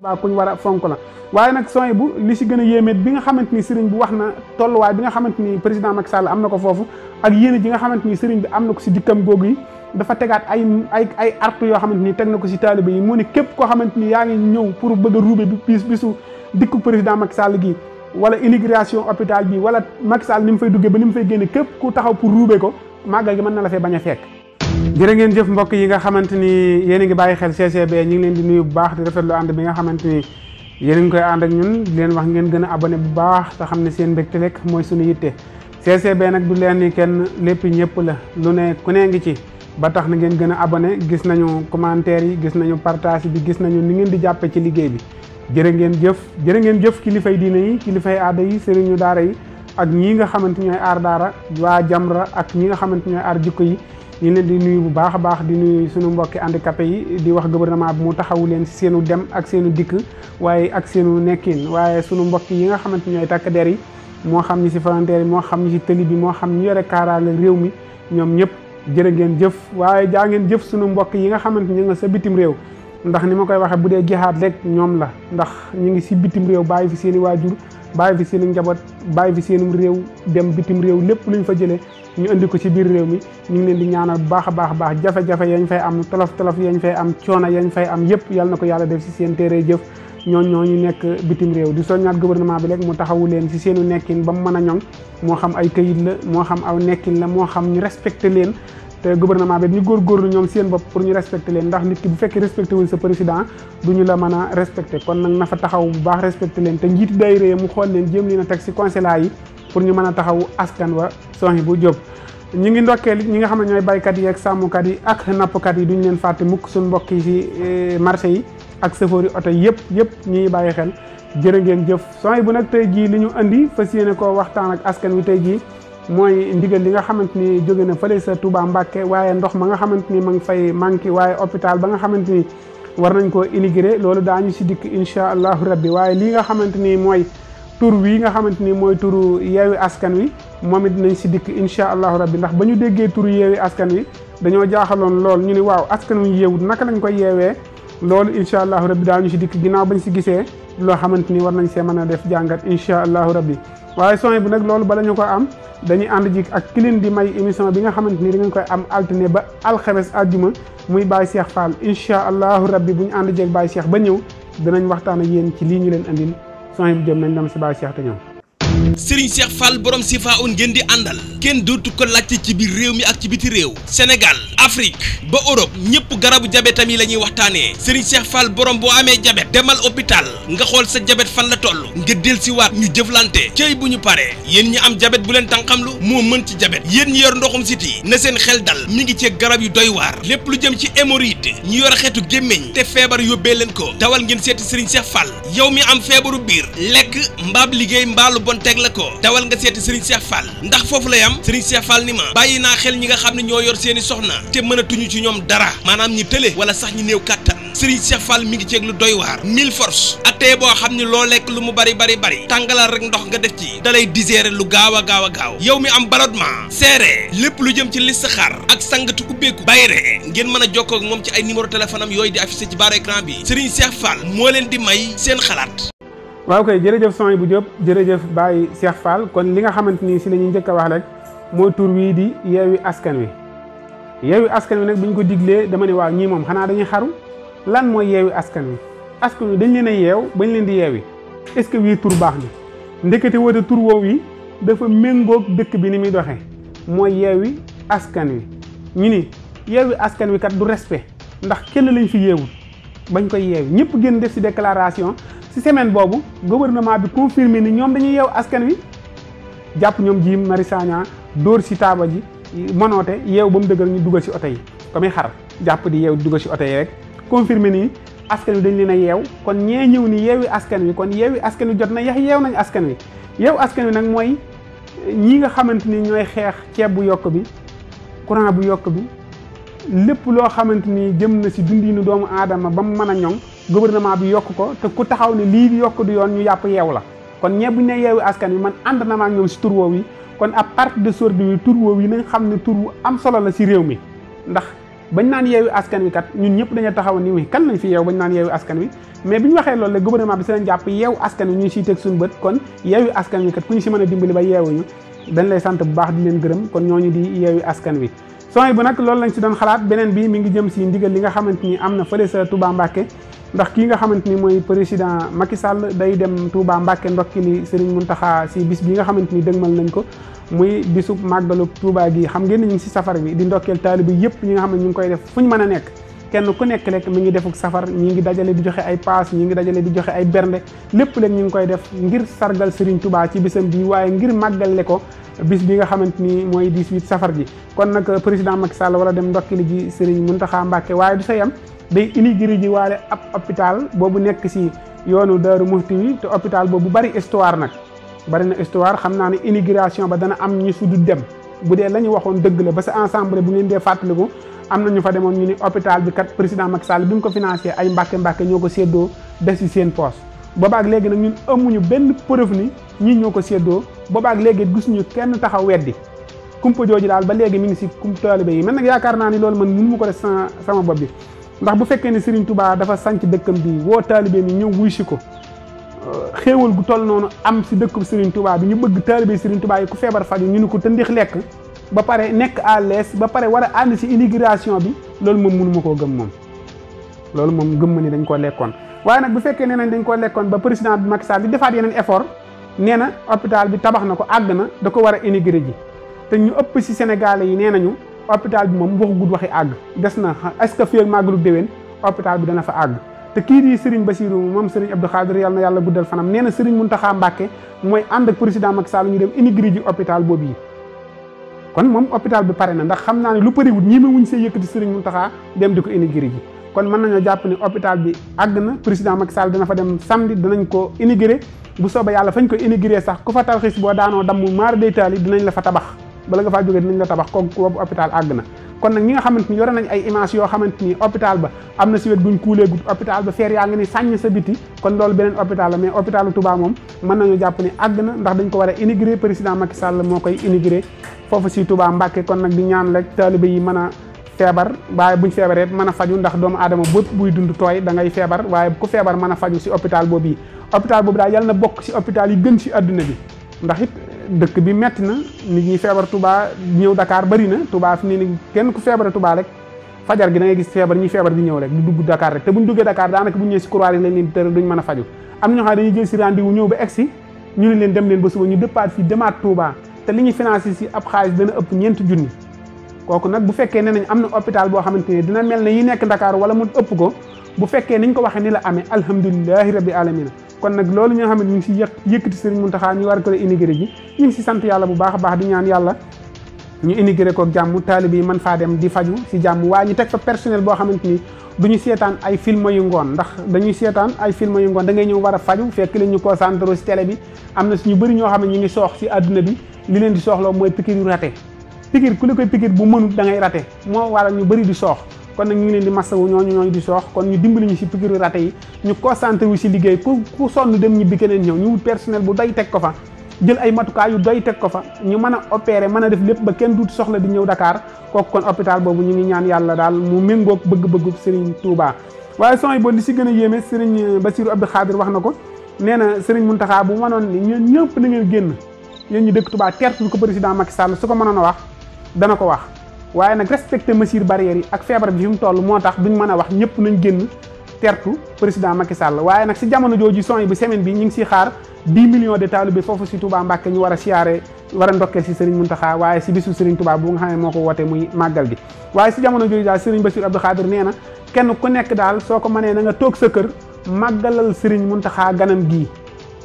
Touba kuñ war a fonk la waaye nag sony bu li si gën a yéemeet bi nga xamante ni sëriñ bi wax na tolluwaay bi nga xamante ni président Macky Sall am na ko foofu ak yéene ji nga xamante ni sëriñ bi am na ko si dikkam googu yi dafa tegaat ay ay ay artu yoo xamante ni teg na ko si taalibe yi mu ne képp koo xamante ni yaa ngi ñëw pour bëgg a ruube bi bis bisu dikku président Macky Sall gi wala immigration hôpital bi wala Macky Sall ni mu fay duggee ba ni mu fay génne képp ku taxaw pour ruube ko màggal gi mën na la fee bañ a fekk jërë ngeen jëf mbokk yi nga xamante ni yéen a bàyyi xel CCB ñu ngi leen di nuyu bu baax di rafetlu ànd bi nga xamante ni yéen a koy ànd ak ñun leen wax ngeen gën a abonné bu baax te xam ne seen mbégte rek mooy suñu yitte CCB nag du leen ni kenn lépp ñëpp la lu ne ku ne ngi ci ba tax na ngeen gën a abonné gis nañu commentaire yi gis nañu partage bi gis nañu ni ngeen di jàppe ci liggéey bi jërë ngeen jëf jërë ngeen jëf kilifay diine yi kilifay aada yi sëriñu daara yi ak ñii nga xamante ñooy aar daara waa jamra ak ñi nga xamante ñooy aar jikko yi ñu leen di nuyu bu baax a baax di nuyu suñu mbokki handicapé yi di wax gouvernement bi mu taxawu leen si seenu dem ak seenu dikk waaye ak seenu nekkin waaye suñu mbokki yi nga xamante ñooy takk der yi moo xam ñi si frontière moo xam ñi si tëli bi moo xam ñu yore réew mi ñoom ñëpp jërë ngeen jëf waaye jaa ngeen jëf suñu mbokk yi nga xamante ñu nga sa bitim réew ndax ni ma koy waxee bu dee jihaat rek ñoom la ndax ñu ngi si bitim réew bàyyi fi seen i waajur bàyyi fi seen njaboot bàyyi fi seenum réew dem bitim réew lépp luñ fa jëlee ñu indi ko ci biir réew mi ñu ngi leen di ñaanal baax a baax baax jafe-jafe yañ fay am tolof-tolof yañ fay am coono yañ fay am yëpp yàlla na ko yàlla def ci seen téere jëf ñoo ñooñu nekk bitim réew di soññaat gouvernement bi rek mu taxawu leen ci seenu nekkin ba mu mën a ñoŋ moo xam ay këyit la moo xam aw nekkin la moo xam ñu respecté leen te gouvernement bi ni góorgóorlu ñoom seen bopp pour ñu respecter leen ndax nit ki bu fekkee respecté wuñ sa président du ñu la mën a respecté kon nag na taxaw bu baax respecté leen te njiiti daayira mu xool leen jéem leen a teg si consulat yi pour ñu mën a taxaw askan wa songi bu jóg ñu ngi ndokkeel ñi nga xam ne ñooy baykat yi ak sàmmkat yi ak nappkat yi duñu leen fàtte mukk suñ mbokk yi si eh, marché yi ak sëfoori oto yëpp yëpp ñuy bàyyi xel jërë ngeen jëf songi bu nag tey li ñu andi fas yéene koo waxtaan askan wi tey jii mooy ndigal li nga xamante ni jóge na fële sa Touba Mbacke waaye ndox ma nga xamante ni ma ngi fay manqué waaye hôpital ba nga xamante ni war nañ koo inaugurer loolu daañu si dikk incha allahu rabbi waaye lii nga xamante ni mooy tur wii nga xamante ni mooy turu yeewi askan wi moom it dinañ si dikk incha allahu rabbi ndax ba ñu déggee turu yeewi askan wi dañoo jaaxaloon lool ñu ni waaw askan wi yeewut naka lañ koy yeewee loolu incha allahu rabbi daañu si dikk ginnaaw bañ si gisee loo xamante ni war nañ see mën a def jàngat incha allahu rabbi waaye sony bu nag loolu bala ñu ko am dañuy ànd ji ak ki leen di may émission bi nga xamante ni da koy am altine ba alxames àjjuma muy Baye Cheikh Fall incha allahu rabbi bu ñu ànd jeeg Baye Cheikh ba ñëw danañ waxtaan ak yéen ci lii ñu leen andil son yi bu jëm nañ dem si Baye Cheikh te ñëw. Serigne Cheikh Fall borom Sifa un ngeen di àndal kenn dootu ko laajte ci biir réew mi ak ci biti réew Sénégal Afrique ba Europe ñëpp garabu jabetam yi la ñuy waxtaanee Serigne Cheikh borom boo amee jabet demal hôpital nga xool sa jabet fan la toll nga dellusiwaat ñu jëflante cëy bu ñu paree yéen ñi am jabet bu leen tànqamlu moo mën ci jabet yéen ñi yor ndoxum siti na seen xel dal mi ngi ci garab yu doy waar lépp lu jëm ci hémorroïde ñu yor xeetu gémmiñ te feebar yóbbee leen ko dawal ngeen seeti Serigne Cheikh yow mi am feebaru biir na ko dawal nga seeti Serigne Cheikh Fall ndax foofu lay am Serigne Cheikh Fall ni ma bàyyi naa xel ñi nga xam ne ñoo yor seeni soxna te mënatuñu ci ñoom dara maanaam ñi tële wala sax ñi néew kàttan Serigne Cheikh Fall mi ngi ceeg lu doy waar mille force attee boo xam ne loo lekk lu mu bari bari bari tàngalaal rek ndox nga def ci dalay digérer lu gaawa a gaaw a gaaw yow mi am ballottement seere lépp lu jëm ci listixaar ak sangatu ubbeeku bayre ngeen mën a jokkoo moom ci ay numéro téléphone yooyu di affiché ci baaru écran bi Serigne moo leen di may seen xalaat waaw koy jërëjëf son bu Diop jërëjëf Baye Cheikh Fall kon li nga xamante ni si la ñuy njëkk a wax rek mooy tur wii di yeewi askan wi yeewi askan wi nag bu ko diglee dama ne waaw ñii moom xanaa dañuy xaru lan mooy askan wi askan wi dañ leen a yeew bañ leen di yeewi est-ce que wii tur baax na ndekete woote tur woow yi dafa méngoog dëkk bi ni muy doxee mooy yeewi askan wi ñu ni yeewi askan wi kat du respe ndax kenn lañ fi yeewu bañ koy yeew ñëpp gën def ci déclaration ci semaine boobu gouvernement bi confirmé ni ñoom dañuy yeew askan wi jàpp ñoom ji Mari Sagna dóor ci taaba ji mënoote yeew ba mu dëgër ñu dugal ci oto yi comme xar jàpp di yeew dugal ci oto yi rek confirmé nii askan wi dañu leen a yeew kon ñee ñëw ni yeewi askan wi kon yeewi askan wi jot na yax yeew nañ askan wi yeew askan wi nag mooy ñii nga xamante ni ñooy xeex ceeb bu yokk bi courant bu yokk bi lépp loo xamante ni jëm na si dundinu doomu aadama ba mu mën a ñoŋ gouvernement bi yokk ko te ku taxaw ne lii yokk du yoon ñu yàpp yeew la kon ñe buñ ne yeewu askan wi man ànd na ma si tur yi kon à partir de sordi tur woowu yi nañ xam ne tur wu am solo la si réew mi ndax bañ naan yeewu askan wi kat ñun ñëpp dañoo taxaw ni wi kan lañ fi yeew bañ naan yeewu askan wi mais bi ñu waxee loolu la gouvernement bi si lañ jàpp yeewu askan wi ñu siy teg suñu bët kon yeewu askan wi kat ku ñu si mën a dimbali ba yeewuñu dañ lay sant bu baax di leen gërëm kon ñoo ñu di yeewu askan wi son bu nag loolu lañ si doon xalaat beneen bi mi ngi jëm si ndigal li nga xamante ni am na fële sa Touba Mbacké ndax ki nga xamante ni mooy président Macky Sall day dem Touba Mbacké ndokkili mun taxa si bis bi nga xamante ni dëgmal nañ ko muy bisub màggalu Touba gi xam ngeen ñu si safar bi di ndokkeel taalibe yëpp ñu nga xam ne ñu ngi koy def fu ñu mën a nekk kenn ku nekk lekk mi ngi defuk safar ñi ngi dajale di joxe ay paas ñi ngi dajale di joxe ay bernde lépp leen ñu ngi koy def ngir sargal Serigne tubaa ci bisam bi waaye ngir màggale ko bis bi nga xamante ni mooy 18 safar ji kon nag euh, président Macky Sall wala dem ndokkili ji Serigne Mountakha Mbacké waaye du sa yam day inaugurer ji waale ab hôpital boobu nekk si yoonu Daaru Muxti wi te hopital boobu bari histoire nag bari na histoire xam naa ne inauguration ba dana am ñu su du dem bu dee la waxoon dëgg la ba sa ensemble bu ngeen dee fàttaliku am na ñu fa demoon ñu ni hôpital bi kat président Macky Sall bi mu ko financé ay mbàkke mbàkke ñoo ko séddoo des ci seen poos boobaak léegi nag ñun amuñu benn preuve ni ñii ñoo ko séddoo boobaak léegi gisuñu kenn taxaw weddi kumpa jooju daal ba léegi mi ngi si kum taalibe yi man nag yaakaar naa ni loolu man mënu mu ko def sama sama bopp bi ndax bu fekkee ne Serigne tubaa dafa sanc dëkkam bi woo taalibe ni ñëw wuy si ko euh, xéewal gu toll noonu am si dëkk Serigne Touba bi ñu bëgg taalibe Serigne Touba yi ku feebar faju ñu ni ko tëndix lekk ba pare nekk à l'aise ba pare war a ànd si immigration bi loolu moom mënuma koo gëm moom loolu moom gëm ma ni dañ koo lekkoon waaye nag bu fekkee nee nañ dañ koo lekkoon ba président bi Macky Sall defaat yeneen effort nee na hôpital bi tabax na ko àgg na da ko war a intégré ji te ñu ëpp si Sénégalais yi nee nañu hôpital bi moom waxu gudd waxi àgg des na est-ce que fii ak bi dana fa àgg te kii di Serigne Bassirou moom Serigne Abdou Khadir yàlla na yàlla guddal fanam nee na Serigne Mountakha Mbacké mooy ànd ak président Macky Sall ñu dem intégré ji hôpital boobu yi kon moom hôpital bi pare na ndax xam naa ne lu pare wut ñi ma wuñ see yëkkati Serigne Mountakha dem di ko inauguré ji kon mën nañoo jàpp ne hôpital bi àgg na président Macky Sall dina fa dem samedi danañ ko inauguré bu soobee yàlla fañ ko inauguré sax ku fa tarxis boo daanoo damm maar day taal yi dinañ la fa tabax bala nga faa jógee dinañ la tabax kooku boobu hôpital àgg na kon nag ñi nga xamante ni yore nañ ay image yoo xamante ni hôpital ba am na si wet buñ kuulee gudd hôpital ba feer yaa ngi ni sàññ sa biti kon loolu beneen hôpital la mais hôpitalu Touba moom mën nañu jàpp ni àgg na ndax dañ ko war a inaugurer président Macky Sall moo koy inaugurer foofu si tubaa Mbacke kon nag di ñaan rek taalibe yi mën a feebar waaye buñ feebaree mën a faju ndax doomu aadama bëpp buy dund tooy da ngay feebar waaye ku feebar mën a faju si hôpital boobu yi hôpital boobu daal yàlla na bokk si hôpital yi gën si àdduna bi ndax dëkk bi metti na nit ñi feebar tubaa ñëw Dakar bari na Touba fi ne ni kenn ku feebare tubaa rek fajar gi da ngay gis feebar ñi feebar di ñëw rek di dugg Dakar rek te buñ duggee Dakar daanaka buñ ñëwee si couloir yi lañ leen tëral duñ mën a si rendez-vous ñëw ba egsi ñu ne leen dem leen ba suba ñu dëppaat fii demaat Touba te li ñu financé si ab xaalis dana ëpp ñeenti junni kooku nag bu fekkee ne nañ am na hôpital boo xamante ne dina mel ne yi nekk Dakar wala mu ëpp ko bu fekkee niñ ko waxee ni la amee alhamdulilahi rabbi alamina kon nag loolu ñoo xam ne ñu ngi si yë yëkkati sëriñ Muntaxa ñu war ko inigré ji ñu ngi si sant yàlla bu baax a baax di ñaan yàlla ñu inigré kook jàmm taalib yi mën faa dem di faju si jàmm waaye ñu teg fa personnel boo xamante ni du ñu seetaan ay film yu ngoon ndax dañuy seetaan ay film yu ngoon da ngay ñëw war a faju fekk leen ñu ko sant concentré si télé bi am na suñu bëri ñoo xam ne ñu ngi soox si àdduna bi li leen di sooxloo mooy piqûre yu raté piqûre ku la koy piqûre bu mënul da ngay raté moo waral ñu bëri di soox kon nag ñu ngi leen di masawu ñooñu ñooñu di soox kon ñu dimbali ñu si piqûre rate yi ñu concentré wu si liggéey ku ku sonn dem ñibbi keneen ñëw ñu wut personnel bu doy teg ko fa jël ay matukaay yu doy teg ko fa ñu mën a opérer mën a def lépp ba kenn duut soxla di ñëw dakaar kooku kon hôpital boobu ñu ngi ñaan yàlla daal mu méngook bëgg-bëggu Serigne Touba waaye sony bo li si gën a yéeme Serigne Bassirou Abdou Khadir wax na ko nee na Serigne Mountakha bu mënoon ni ñun ñëpp na génn yéen ñu dëkk Touba tertu ko président Macky Sall su ko mënoon wax dana ko wax waaye nag respecté mesures barrières yi ak feebar bi fi mu toll moo tax duñ mën a wax ñëpp nañ génn tertu président Macky Sall waaye nag si jamono jooju son bi semaine bi ñu ngi siy xaar 10 millions de talibé foofu si Touba Mbacke ñu war a siyaare war a ndokkeel si Serigne Mountakha waaye si bisu Serigne Touba bu nga xam ne moo ko woote muy màggal gi waaye si jamono jooju daal Serigne Bassirou Abdou Khadir nee na kenn ku nekk daal soo ko mënee na toog sa kër màggalal Serigne Mountakha ganam gii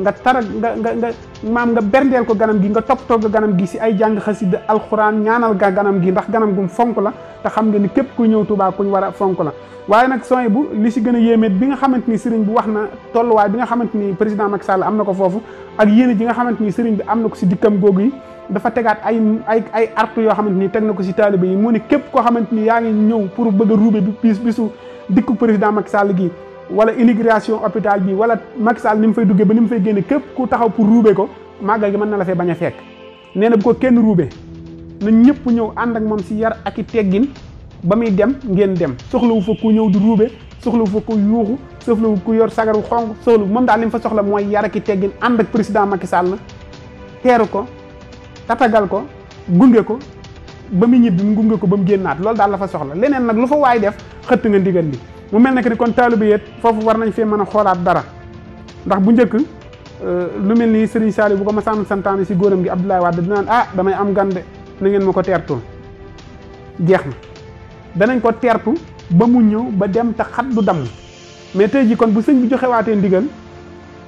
nga tara nga nga nga maam nga berndeel ko ganam gi nga topp ko ganam gi si ay jàng xasida alxuraan ñaanal ga ganam gi ndax ganam gum fonk la te xam nga ni képp ku ñëw Tuubaa kuñ war a fonk la waaye nag sooy bu li si gën a yéemee bi nga xamante ni sëriñ bi wax na tolluwaay bi nga xamante ni président Macky Sall am na ko foofu ak yéene ji nga xamante ni sëriñ bi am na ko si dikkam googu yi dafa tegaat ay ay ay artu yoo xamante ni teg na ko si taalibe yi mu ne képp koo xamante ni yaa ngi ñëw pour bëgg a ruube bi bis bisu dikku président Macky Sall gi wala immigration hôpital bi wala Macky ni mu fay duggee ba ni mu fay génne képp ku taxaw pour ruube ko màggal gi mën na la fee bañ a fekk nee na bu ko kenn ruube na ñëpp ñëw ànd ak moom si yar ak i teggin ba muy dem ngeen dem soxlawu fa ku ñëw di ruube soxlawu fa ku yuuxu soxlawu ku yor sagaru xonq soxlawu moom daal li mu fa soxla mooy yar ak i teggin ànd ak président Macky Sall teeru ko tatagal ko gunge ko ba mu ñibbi mu gunge ko ba mu génnaat loolu daal la leneen nag lu fa waay def xëtt nga ndigal li mu mel ne que ni kon taalibe yéet foofu war nañ fee mën a xoolaat dara ndax bu njëkk euh, lu mel ni Serigne Saliou bu ko ma sànn santaane si góoram gi Abdoulaye Wade dinaan a ah, damay am gande na ngeen ma ko teertul jeex na danañ ko tertu ba mu ñëw ba dem te xat du damm mais tey jii kon bu sëñ bi joxewaatee ndigal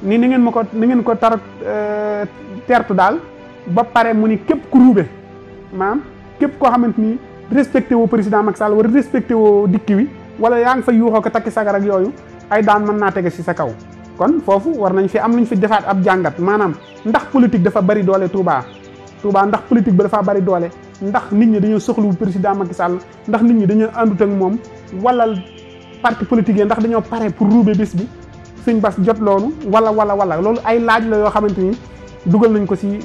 ni ni ngeen ma ko ni ngeen ko tar euh, teertu daal ba pare mu ni képp ku ruube maam képp koo xamante ni respecté woo président Macky Sall war respecté woo dikki wala yaa ngi fa yuuxoo ko takki sagar ak yooyu ay daan man naa tege si sa kaw kon foofu war nañ fi am lu ñu fi defaat ab jàngat maanaam ndax politique dafa bari doole tuubaa Touba ndax politique ba dafa bari doole ndax nit ñi dañoo soxlawul président Macky Sall ndax nit ñi dañoo àndut ak moom wala parti politique yi ndax dañoo pare pour ruube bis bi suñ bas jot loolu wala wala wala loolu ay laaj la yoo xamante ni dugal nañ ko si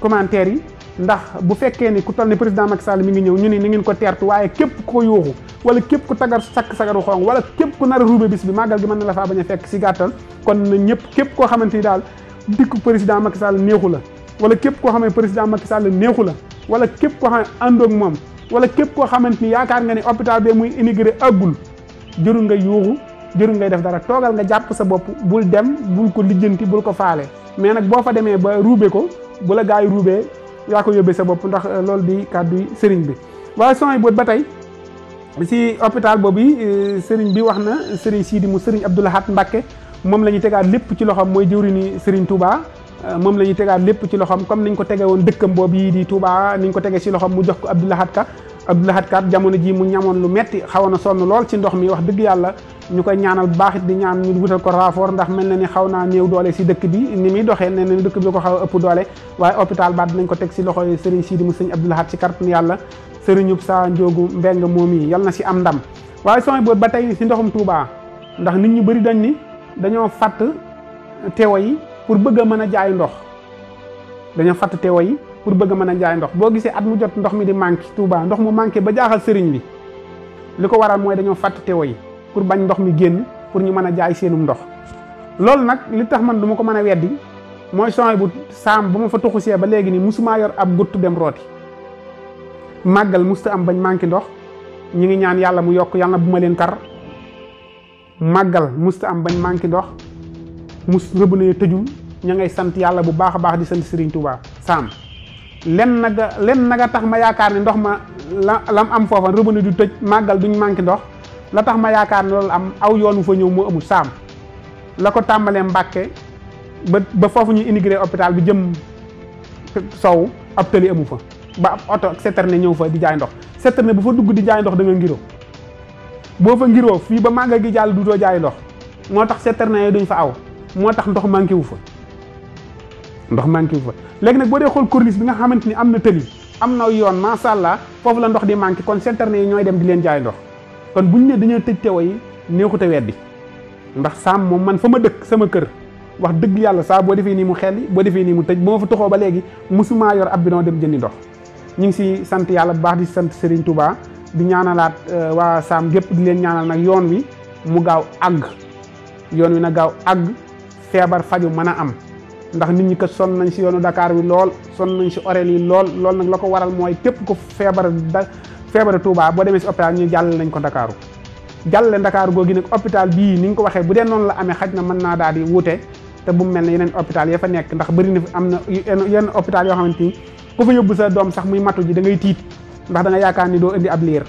commentaire yi ndax bu fekkee ni ku toll ni président Macky Sall mi ngi ñëw ñu ne ni ngeen ko teertu waaye képp ko yooxu wala képp ku tagar sakk sagaru xong wala képp ku nar a ruube bis bi màggal gi mën na la faa bañ a fekk si gàttal kon na ñëpp képp koo xamante ni daal dikku président Macky Sall neexu la wala képp koo xam ne président Macky Sall neexu la wala képp koo xam moom wala képp koo xamante ni yaakaar nga ne hôpital bee muy immigré àggul jërul nga yuuxu jërul ngay def dara toogal nga jàpp sa bopp bul dem bul ko lijjanti bul ko faale mais nag boo fa demee ba ruube ko bu la gaa yi ruubee yaa ko yóbbee sa bopp ndax euh, loolu di kàddu sëriñ bi waaye sony boot ba tey si hôpital boobu euh, sëriñ bi wax na sëriñ Sidi mu sëriñ Abdou Lahad Mbacké moom la ñuy tegaat lépp ci loxoom mooy jëwriñu sëriñ Touba euh, moom la ñuy tegaat lépp ci loxoom comme niñ ko tege woon dëkkam boobu yi di Touba niñ ko tege si loxoom mu jox ko Abdou Lahad Ka Abdou Lahad jamono ji mu ñamoon lu metti xawoon a sonn lool ci ndox mi wax dëgg yàlla ñu koy ñaanal baaxit di ñaan ñu wutal ko raafoor ndax mel na ni xaw naa néew doole si dëkk bi ni muy doxee nee na dëkk bi ko xaw a ëpp doole waaye hôpital baat dinañ ko teg si loxo yi sëriñ Sidi mu sëñ Abdou Lahad ci kartan yàlla sëriñub saa njoogu mbeng moom yi yal na si am ndam waaye sooy boobu ba tey si ndoxum Touba ndax nit ñu bari dañ ni dañoo fàtt teewa yi pour bëgg a mën a jaay ndox dañoo fàtt teewa yi pour bëgg a mën a jaay ndox boo gisee at mu jot ndox mi di manqué Touba ndox mu manqué ba jaaxal sëriñ bi li ko waral mooy dañoo fàtte te yi pour bañ ndox mi génn pour ñu mën a jaay seenum ndox loolu nag li tax man du ma ko mën a weddi mooy sony bu saam ba ma fa see ba léegi ni musumaa yor ab gutt dem rooti màggal musta am bañ manqué ndox ñu ngi ñaan yàlla mu yokk yàlla bu ma leen kar màggal musta am bañ manqué ndox mus rëbb na tëjul ña ngay sant yàlla bu baax a baax di sant Serigne Touba saam len naga len naga tax ma yaakaar ne ndox ma la lam am foofa robinet du tëj màggal duñ manqué ndox la tax ma yaakaar ne loolu am aw yoonu fa ñëw moo amul saam la ko tàmbalee Mbàkke ba ba foofu ñu immigré hôpital bi jëm sow ab tëli fa ba ab oto citerne ñëw fa di jaay ndox citerne bu fa dugg di jaay ndox da nga ngiroo ngiroo fii ba màggal gi jàll duutoo jaay ndox moo tax citerne yooyu duñ fa aw moo tax ndox manqué wu fa ndox manqué fa léegi nag boo dee xool corniche bi nga xamante ni am na tëli am na yoon macha allah foofu la ndox di manqué kon citernes yi ñooy dem di leen jaay ndox kon bu ñu ne dañoo tëj tewo yi neexut a weddi ndax saam moom man fa ma dëkk sama kër wax dëgg yàlla saa boo defee nii mu xelli boo defee nii mu tëj ba fa toxoo ba léegi mosumaa yor ab bidon dem jëndi ndox ñu ngi si sant yàlla bu baax di sant Serigne Touba di ñaanalaat euh, waa saam gépp di leen ñaanal nag yoon wi mu gaaw àgg yoon wi na gaaw àgg feebar faju mën a am ndax nit ñi kat sonn nañ si yoonu ndakaar bi lool sonn nañ si orel yi lool lool nag la ko waral mooy képp ku feebar da feebar Touba boo demee si hôpital ñu jàllale nañ ko Dakar jàllale Dakar googu nag hôpital bii ni nga ko waxee bu dee noonu la amee xaj na mën naa daal di wuute te bu mu mel ne yeneen hôpital fa nekk ndax bëri na am na yenn hôpital yoo xamante ni ku fa yóbbu sa doom sax muy matu ji da ngay tiit ndax da yaakaar ni doo indi ab liir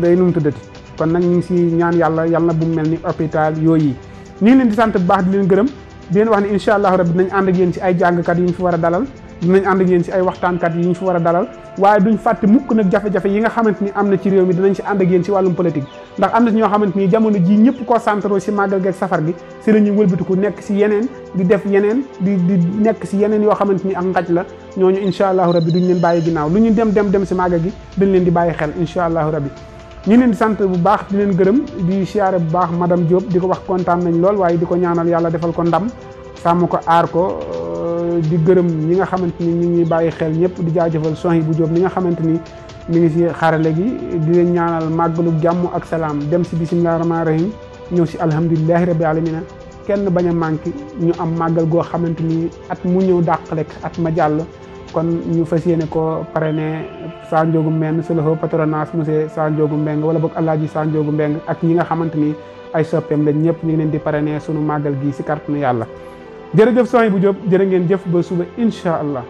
day nu mu tuddati kon nag ñu ngi si ñaan yàlla yàlla bu mu mel ni hôpital yooyu ñu ngi leen di sant bu baax di leen gërëm di leen wax ne incha allah rabbi dinañ ànd ak yéen ci ay jàngkat yu ñu fi war a dalal dinañ ànd ak yéen ci ay waxtaankat yi ñu fi war a dalal waaye duñ fàtte mukk nag jafe-jafe yi nga xamante ni am na ci réew mi dinañ ci ànd ak yéen ci wàllum politique am ñoo xamante ni jamono ji ñëpp concentré ci màggal geeg safar gi ci la ñuy nekk ci yeneen di def yeneen di di nekk ci yeneen yoo xamante ni ak ngaj la ñooñu incha allahu rabbi duñ leen bàyyi ginnaaw lu ñu dem dem dem ci màggal gi dañ leen di bàyyi xel incha allahu rabbi ñu leen sant bu baax di leen gërëm di siyaare bu baax madame Diop di ko wax kontaan nañ lool waaye di ko ñaanal yàlla defal ko ndam sàmm ko aar ko euh, di gërëm ñi nga xamante ni ñu ngi bàyyi xel ñëpp di jaajëfal soxna bu Diop mi nga xamante ni mi ngi si xarale gi di leen ñaanal màggalu jàmm ak salaam dem si bisimilah rahmaani rahim ñëw si alhamdulilahi rabbi alamina kenn bañ a manqué ñu am màggal goo xamante ni at mu ñëw dàq rek at ma jàll. kon ñu fas yéene ko parrainé Sa Ndiogou Mbène sous le patronage monsieur Sa Ndiogou Mbeng wala boog Alaaji Sa Ndiogou Mbeng ak ñi nga xamante ni ay soppeem lañ ñëpp ñu ngi leen di parrainé sunu màggal gi si kàttanu yàlla jërëjëf sooy bu Jóob jërë ngeen jëf ba suba incha allah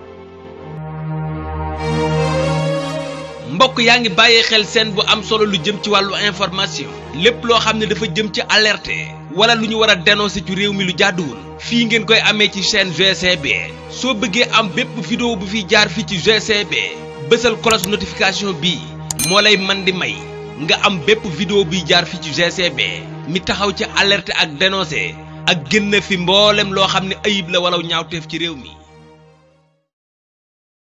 bokk yaa ngi bàyyi xel seen bu am solo lu jëm ci wàllu information lépp loo xam ne dafa jëm ci alerte wala lu ñu war a dénoncer ci réew mi lu jàdduwul fii ngeen koy amee ci chaîne GCB soo bëggee am bépp vidéo bu fi jaar fii ci GCB bësal cloche notification bi moo lay man di may nga am bépp vidéo buy jaar fii ci GCB mi taxaw ci alerte ak dénoncer ak génn fi mboolem loo xam ne ayib la wala ñaawteef ci réew mi